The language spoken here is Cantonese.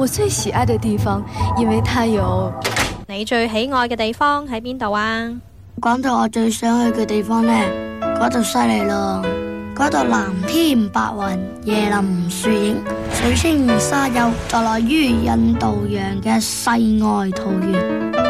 我最喜愛嘅地方，因為太熱。你最喜愛嘅地方喺邊度啊？講到我最想去嘅地方呢，嗰度犀利咯！嗰度藍天白雲、椰林樹影、水清沙幼，就落於印度洋嘅世外桃源。